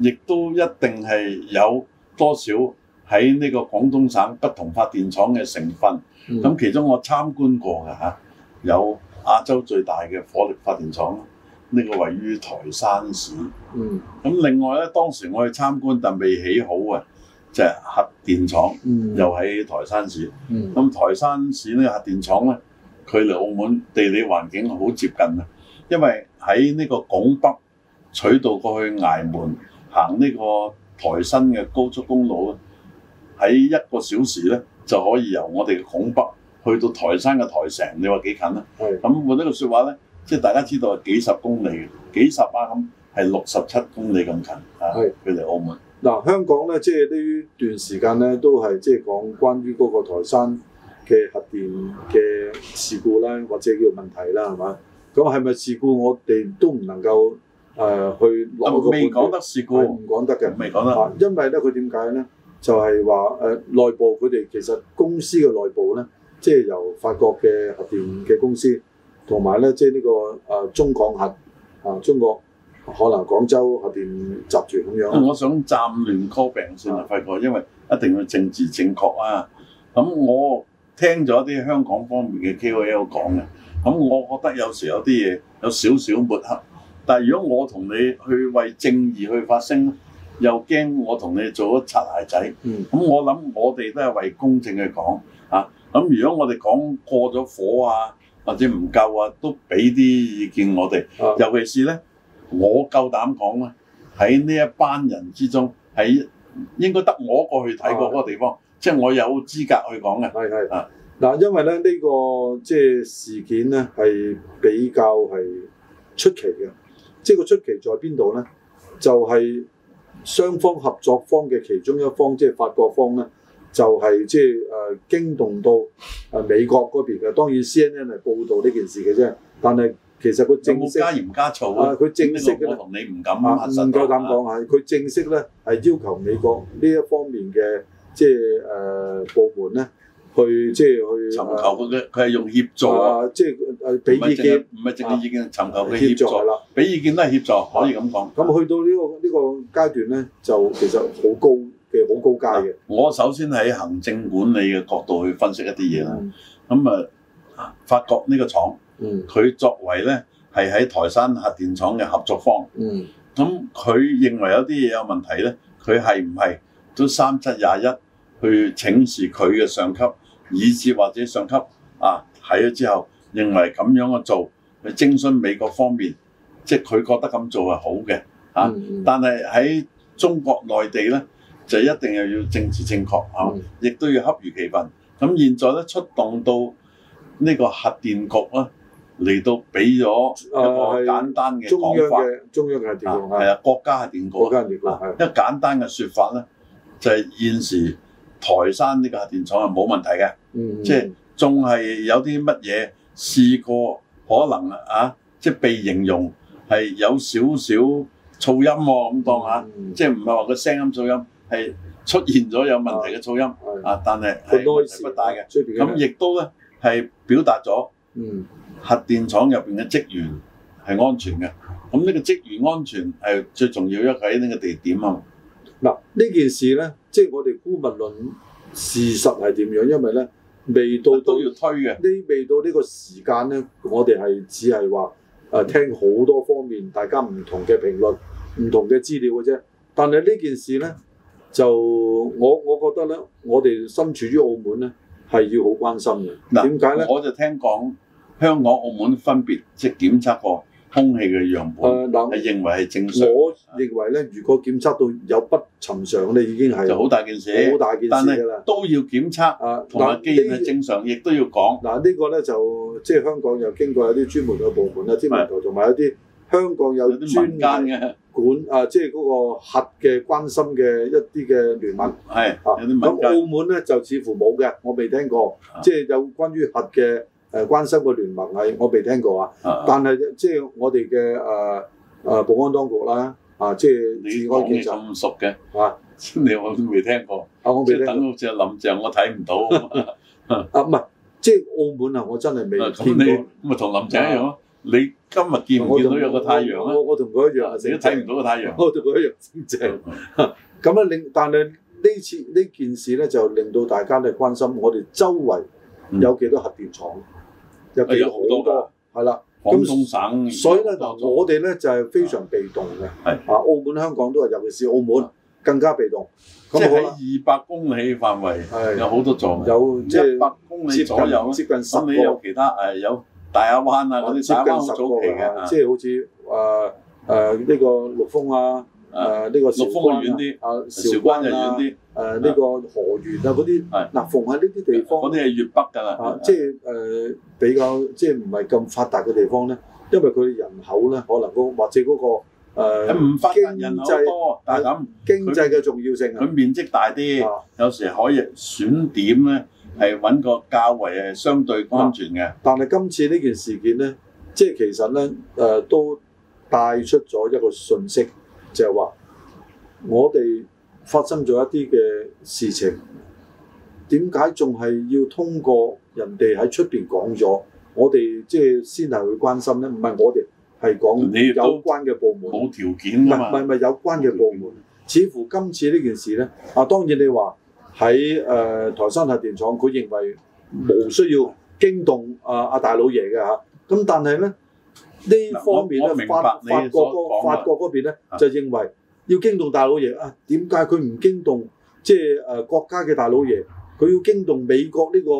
亦都一定係有多少喺呢個廣東省不同發電廠嘅成分。咁、嗯、其中我參觀過嘅嚇，嗯、有亞洲最大嘅火力發電廠，呢、這個位於台山市。咁、嗯、另外呢，當時我去參觀，但未起好啊，就係、是、核電廠，嗯、又喺台山市。咁、嗯、台山市呢個核電廠呢，距離澳門地理環境好接近啊，因為喺呢個拱北取道過去崖門。行呢個台山嘅高速公路咧，喺一個小時咧就可以由我哋嘅拱北去到台山嘅台城，你是、嗯、話幾近啊？咁換咗句説話咧，即係大家知道係幾十公里，幾十啊咁，係六十七公里咁近是啊。佢嚟澳門嗱、呃，香港咧，即係呢段時間咧，都係即係講關於嗰個台山嘅核電嘅事故啦，或者叫問題啦，係嘛？咁係咪事故？我哋都唔能夠。誒、呃、去攞未講得事故唔講得嘅，未講得、啊。因為咧，佢點解咧？就係話誒內部佢哋其實公司嘅內部咧，即、就、係、是、由法國嘅核電嘅公司，同埋咧即係呢、就是這個誒、呃、中港核啊，中國可能廣州核電集團咁樣。我想暫亂 call 病先啊，廢話的，因為一定要政治正確啊。咁我聽咗一啲香港方面嘅 KOL 講嘅，咁我覺得有時有啲嘢有少少抹黑。但係如果我同你去為正義去發聲，又驚我同你做咗擦鞋仔，咁、嗯、我諗我哋都係為公正去講啊。咁如果我哋講過咗火啊，或者唔夠啊，都俾啲意見我哋。啊、尤其是呢，我夠膽講咧，喺呢一班人之中，喺應該得我一個去睇過嗰個地方，即係的我有資格去講嘅。係係啊，嗱，因為呢呢、呢個即係、就是、事件呢，係比較係出奇嘅。即係個出奇在邊度咧？就係、是、雙方合作方嘅其中一方，即、就、係、是、法國方咧，就係即係誒驚動到誒美國嗰邊嘅。當然 C N N 係報道呢件事嘅啫。但係其實佢正式有有加鹽加醋啊，佢正式咧，我同你唔敢啊，唔夠膽講係佢正式咧，係要求美國呢一方面嘅即係誒部門咧。去即係去尋求佢嘅，佢係用協助啊！即係誒，俾意見，唔係淨係意見，尋求佢協助啦。俾意見都係協助，可以咁講。咁去到呢個呢個階段咧，就其實好高嘅，好高階嘅。我首先喺行政管理嘅角度去分析一啲嘢啦。咁啊，發覺呢個廠，佢作為咧係喺台山核電廠嘅合作方。咁佢認為有啲嘢有問題咧，佢係唔係都三七廿一去請示佢嘅上級？以至或者上級啊睇咗之後，認為咁樣嘅做去徵詢美國方面，即係佢覺得咁做係好嘅嚇。啊嗯、但係喺中國內地咧，就一定又要政治正確嚇，亦、啊嗯、都要恰如其分。咁、啊、現在咧出動到呢個核電局啦，嚟到俾咗一個簡單嘅講法，中央嘅中央嘅核電局啊，國家核電局國家核電局，一個簡單嘅説法咧就係、是、現時。台山呢個核電廠係冇問題嘅，即係仲係有啲乜嘢試過可能啊，即係被形容係有少少噪音咁當下，即係唔係話個聲音噪音係出現咗有問題嘅噪音啊，啊，但係係都不大嘅，咁亦都咧係表達咗核電廠入邊嘅職員係安全嘅，咁呢個職員安全係最重要一喺呢個地點啊。嗱，呢件事咧，即係我哋姑勿論事實係點樣，因為咧未到，到都要推嘅，呢未到呢個時間咧，我哋係只係話誒聽好多方面，大家唔同嘅評論、唔同嘅資料嘅啫。但係呢件事咧，就我我覺得咧，我哋身處於澳門咧，係要好關心嘅。嗱，點解咧？我就聽講香港、澳門分別即係檢測過。空氣嘅樣本，你認為係正常。我認為咧，如果檢測到有不尋常咧，已經係好大件事。好大件事嘅啦，都要檢測啊。同埋，既然係正常，亦都要講。嗱，呢個咧就即係香港又經過一啲專門嘅部門啦，同埋一啲香港有民間嘅管啊，即係嗰個核嘅關心嘅一啲嘅聯盟。係啊，有啲民間。咁澳門咧就似乎冇嘅，我未聽過，即係有關於核嘅。誒關心嘅聯盟係我未聽過啊，但係即係我哋嘅誒誒保安當局啦，啊即係治安檢查，咁熟嘅，哇！你我都未聽過，即係等似林鄭我睇唔到啊！唔係，即係澳門啊！我真係未見過，咁你咪同林鄭一樣咯？你今日見唔見到有個太陽啊？我我同佢一樣，成日都睇唔到個太陽，我同佢一樣清淨。咁啊，令但係呢次呢件事咧，就令到大家咧關心我哋周圍有幾多核電廠。又俾咗好多，係啦。廣東省，所以咧，我哋咧就係非常被動嘅。係啊，澳門、香港都係，尤其是澳門更加被動。咁係喺二百公里範圍，有好多座有，即係一百公里左右，接近十個有其他係有大亞灣啊嗰啲，接近十個嘅，即係好似誒誒呢個陸豐啊。誒呢個陸豐啊，遠啲；阿韶關就遠啲。誒呢個河源啊，嗰啲。係嗱，逢喺呢啲地方。嗰啲係粵北㗎啦。即係誒比較即係唔係咁發達嘅地方咧，因為佢人口咧可能都或者嗰個誒經濟，但係諗經濟嘅重要性。佢面積大啲，有時可以選點咧，係揾個較為係相對安全嘅。但係今次呢件事件咧，即係其實咧誒都帶出咗一個訊息。就係話，我哋發生咗一啲嘅事情，點解仲係要通過人哋喺出邊講咗，我哋即係先係會關心咧？唔係我哋係講有關嘅部門，冇條件，唔係唔係有關嘅部門，似乎今次呢件事咧，啊當然你話喺誒台山核電廠，佢認為冇需要驚動啊啊大老爺嘅嚇，咁、啊、但係咧。呢方面咧，明白你，國個法國嗰邊咧就認為要驚動大老爺啊，點解佢唔驚動即係誒國家嘅大老爺？佢要驚動美國、這個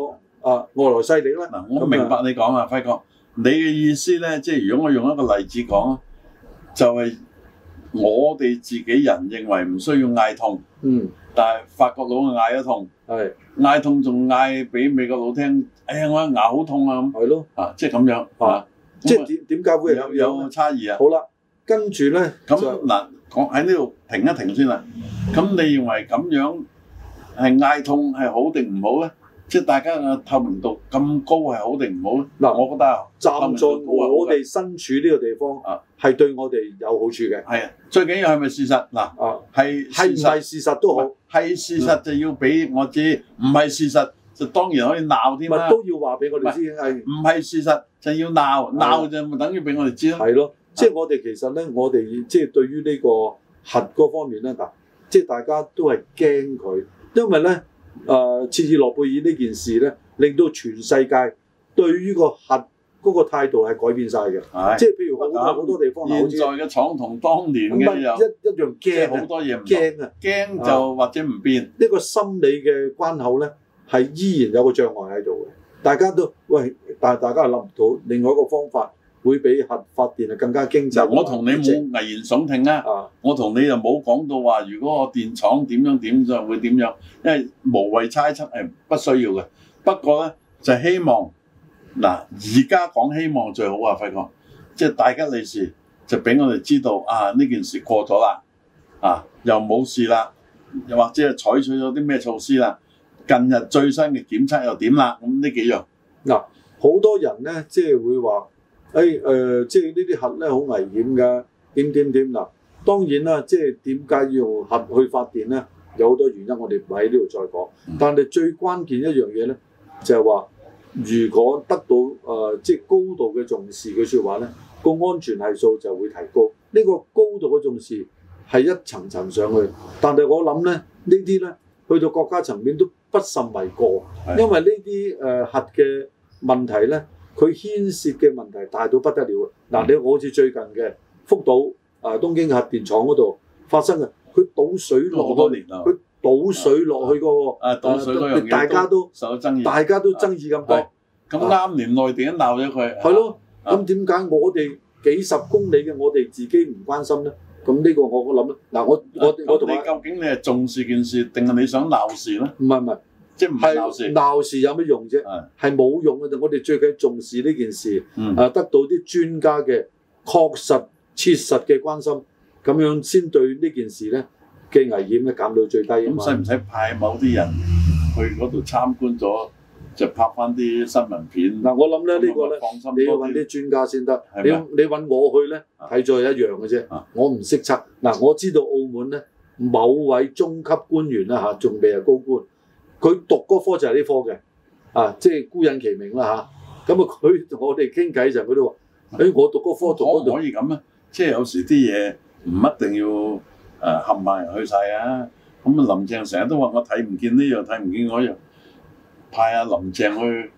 呃、俄呢個啊外來勢力咧。嗱，我明白你講啊，輝哥、啊，你嘅意思咧，即係如果我用一個例子講啊，就係、是、我哋自己人認為唔需要嗌痛，嗯，但係法國佬嗌一痛，係嗌是痛仲嗌俾美國佬聽，哎呀，我牙好痛啊咁，係咯的，啊，即係咁樣啊。即係點點解會有有差異啊？好啦，跟住咧咁嗱，講喺呢度停一停先啦。咁你認為咁樣係嗌痛係好定唔好咧？即係大家嘅透明度咁高係好定唔好咧？嗱，我覺得啊，站在我哋身處呢個地方啊，係對我哋有好處嘅。係啊，最緊要係咪事實嗱？啊，係係唔係事實都好，係事實就要俾我知，唔係事實。就當然可以鬧添啦，都要話俾我哋知，係唔係事實就要鬧，鬧的就咪等於俾我哋知咯。係咯的的，即係我哋其實咧，我哋即係對於呢個核嗰方面咧，嗱，即係大家都係驚佢，因為咧，誒、呃，次次諾貝爾呢件事咧，令到全世界對於個核嗰個態度係改變晒嘅。是的即係譬如好多好多地方，的好像現在嘅廠同當年嘅一一樣驚啊，驚就或者唔變呢、呢個心理嘅關口咧。係依然有個障礙喺度嘅，大家都喂，但係大家諗唔到另外一個方法會比核發電啊，更加經濟，我同你冇危言聳聽啊，啊我同你就冇講到話如果個電廠點樣點就會點樣，因為無謂猜測係不需要嘅。不過咧就希望嗱，而家講希望最好啊，費哥，即、就、係、是、大吉利是就俾我哋知道啊，呢件事過咗啦，啊又冇事啦，又或者採取咗啲咩措施啦。近日最新嘅檢測又點啦？咁呢幾樣嗱，好多人咧，即係會話，誒、哎、誒、呃，即係呢啲核咧好危險㗎，點點點嗱。當然啦，即係點解要用核去發電咧？有好多原因，我哋唔喺呢度再講。但係最關鍵一樣嘢咧，就係、是、話，如果得到誒、呃、即係高度嘅重視嘅説話咧，個安全係數就會提高。呢、這個高度嘅重視係一層層上去。但係我諗咧，這些呢啲咧。去到國家層面都不甚為過，的因為呢啲、呃、核嘅問題咧，佢牽涉嘅問題大到不得了。嗱、嗯，你好似最近嘅福島啊、呃，東京核電廠嗰度發生嘅，佢倒水落去，佢倒水落去嗰個，啊啊、大家都受爭議，大家都爭議咁多，咁啱連內地都鬧咗佢。係咯，咁點解我哋幾十公里嘅我哋自己唔關心咧？咁呢個我、啊、我諗嗱我我我同你，究竟你係重視件事，定係你想鬧事咧？唔係唔係，即係唔係鬧事？鬧事有乜用啫？係冇用嘅，我哋最緊要重視呢件事，誒、嗯啊、得到啲專家嘅確實切實嘅關心，咁樣先對呢件事咧嘅危險咧減到最低。咁使唔使派某啲人去嗰度參觀咗？就拍翻啲新聞片。嗱、嗯，我諗咧呢要要個咧，你要揾啲專家先得。嗎你你揾我去咧，睇咗、啊、一樣嘅啫。啊、我唔識測。嗱、啊，我知道澳門咧，某位中級官員啦嚇，仲、啊、未係高官，佢讀嗰科就係呢科嘅。啊，即係姑隱其名啦嚇。咁啊，佢同、啊、我哋傾偈就佢都話，誒、哎，我讀嗰科仲可以咁啊？即係有時啲嘢唔一定要誒冚唪唥去晒啊。咁啊，林鄭成日都話我睇唔見呢樣睇唔見嗰、這、樣、個。派阿林鄭去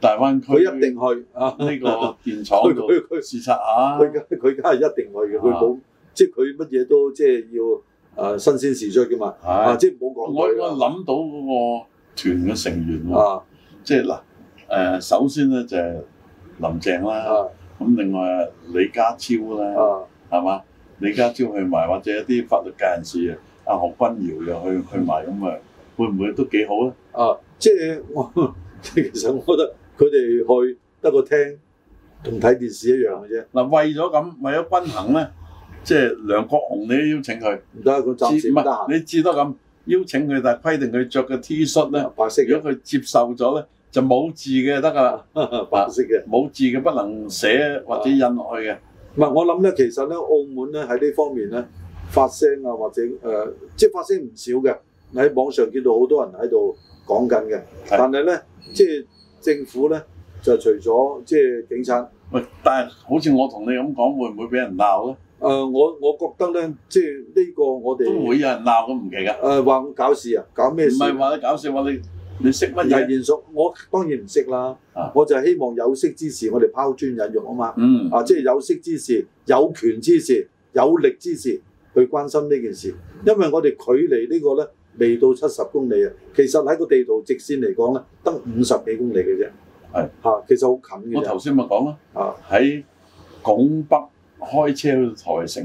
大灣區，佢一定去啊！呢個電廠個佢佢佢視察下。佢佢佢梗係一定去嘅，佢冇即係佢乜嘢都即係要啊新鮮事出嘅嘛啊！即唔好講我我諗到嗰個團嘅成員喎，即係嗱誒，首先咧就係林鄭啦，咁另外李家超啦，係嘛？李家超去埋或者一啲法律界人士啊，阿何君堯又去去埋咁啊，會唔會都幾好啊？啊！即係我，其實我覺得佢哋去得個廳同睇電視一樣嘅啫。嗱，為咗咁，為咗均衡咧，即係梁國雄你都邀請佢，唔得，佢執線你至得咁邀請佢，但係規定佢着嘅 T 恤咧，呢白色。如果佢接受咗咧，就冇字嘅得㗎啦，白色嘅冇字嘅不能寫或者印落去嘅。唔係、啊，我諗咧，其實咧澳門咧喺呢在這方面咧發聲啊，或者誒、呃，即係發聲唔少嘅。你喺網上見到好多人喺度講緊嘅，是的但係咧、嗯，即係政府咧就除咗即係警察喂，但係好似我同你咁講，會唔會俾人鬧咧？誒、呃，我我覺得咧，即係呢個我哋都會有人鬧嘅，唔奇怪誒，話我、呃、搞事啊，搞咩事、啊？唔係話你搞事、啊，話你你識乜嘢？我當然唔識啦，啊、我就係希望有識之士，我哋拋磚引玉啊嘛，嗯啊，即係有識之士、有權之士、有力之士去關心呢件事，嗯、因為我哋距離個呢個咧。未到七十公里啊，其實喺個地圖直線嚟講咧，得五十幾公里嘅啫。係嚇，其實好近嘅。我頭先咪講啦，嚇喺拱北開車去台城，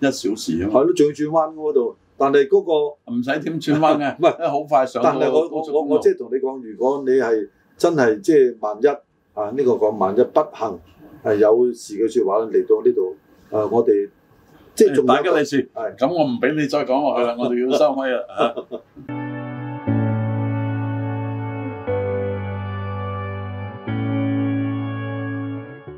一小時啊嘛。係咯，仲要轉彎嗰度，但係嗰個唔使點轉彎嘅，唔係好快上到去高速路。但係我我我即係同你講，如果你係真係即係萬一啊，呢個講萬一不幸係有事嘅説話嚟到呢度，誒，我哋。即係仲大吉利是，咁我唔俾你再講落去啦，我哋要收尾啦。 啊